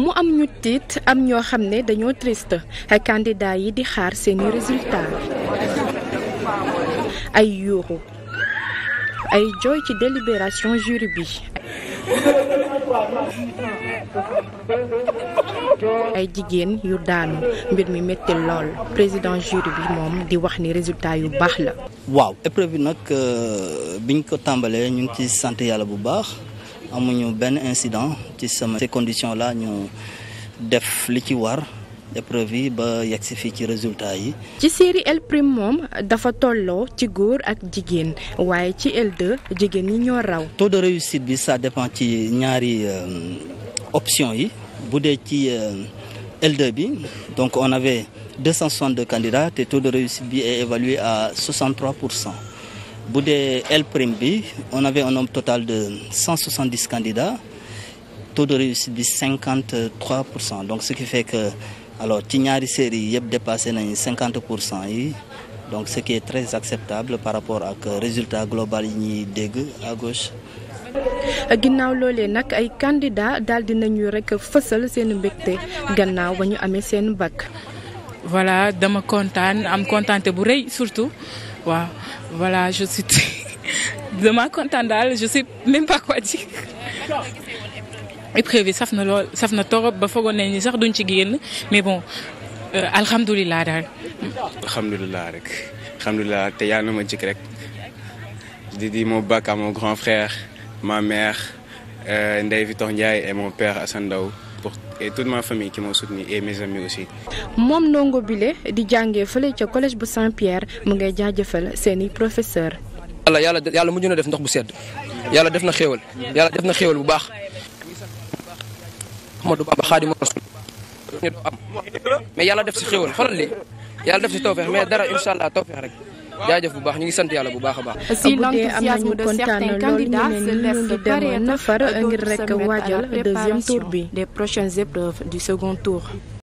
mu am ñu tiit am ñoo xam ne dañoo triste candidat yi di xaar seeni résultat ay yuuxu ay jooy ci délibération jury bi ay jigéen yu daanu mbir mi métti lool président jury bi moom di wax ni résultat yu baax la waaw épreuve bi nag euh, biñ ko tàmbalee ñu ngi ci sant yàlla bu baax amuñu benn incident ci sama ces conditions la ñu def li ci war épreuve yi ba yegg si fii ci résultat yi. ci série L prime moom dafa tolloo ci góor ak jigéen waaye ci L2 jigéen ñi ñoo raw. taux de réussite bi sa dépend ci ñaari euh, option yi bu dee ci euh, l bi donc on avait 262 candidats te taux de réussite bi est évalué à 63 pour cent. bu dee el prime bi on avait un nombre total de 170 candidats taux de réussite bi 53 pour cent donc ce qui fait que alors ci ñaari série yi yëpp dépassé nañu 50 pour cent yi donc ce qui est très acceptable par rapport ak résultat global yi ñuy dégg à gauche. ginnaaw loolee nag ay candidats daal di nañu rek fësal seen mbégte gannaaw ba ñu amee seen bac. voilà dama kontaan am kontaante bu rëy surtout waaw voilà je suis dama kontaan daal je sais même pas quoi dire épreuve yi saf na lool saf na torop ba fogoon nañ ni sax duñ ci génn mais bon euh, alhamdulilah daal. alhamdulilah rek alhamdulilah te yàlla na ma jik rek di di mon bac à grand frère ma mère euh, Ndeye Victor Ndiaye et mon père Assane Ndao pour et toute ma famille qui m'ont soutenu et mes amis moom ndongo bile di jàngee fële ca collège bu Saint-Pierre mu ngay jaajëfal seeni professeur yàlla yàlla yàlla mujj na def ndox bu sedd yàlla def na xéewal yàlla def na xéewal bu baax. Ahmadou mais yàlla def si xéewal xoolal lii yàlla def si tawfeex mais dara incha allah tawfeex rek. jaajaf bu baax ñu ngi sant yàlla bu baax a baax. si l'enthousiasme de certains candidats se laisse paraître, d'autres se mettent à la préparation des prochaines épreuves du second tour.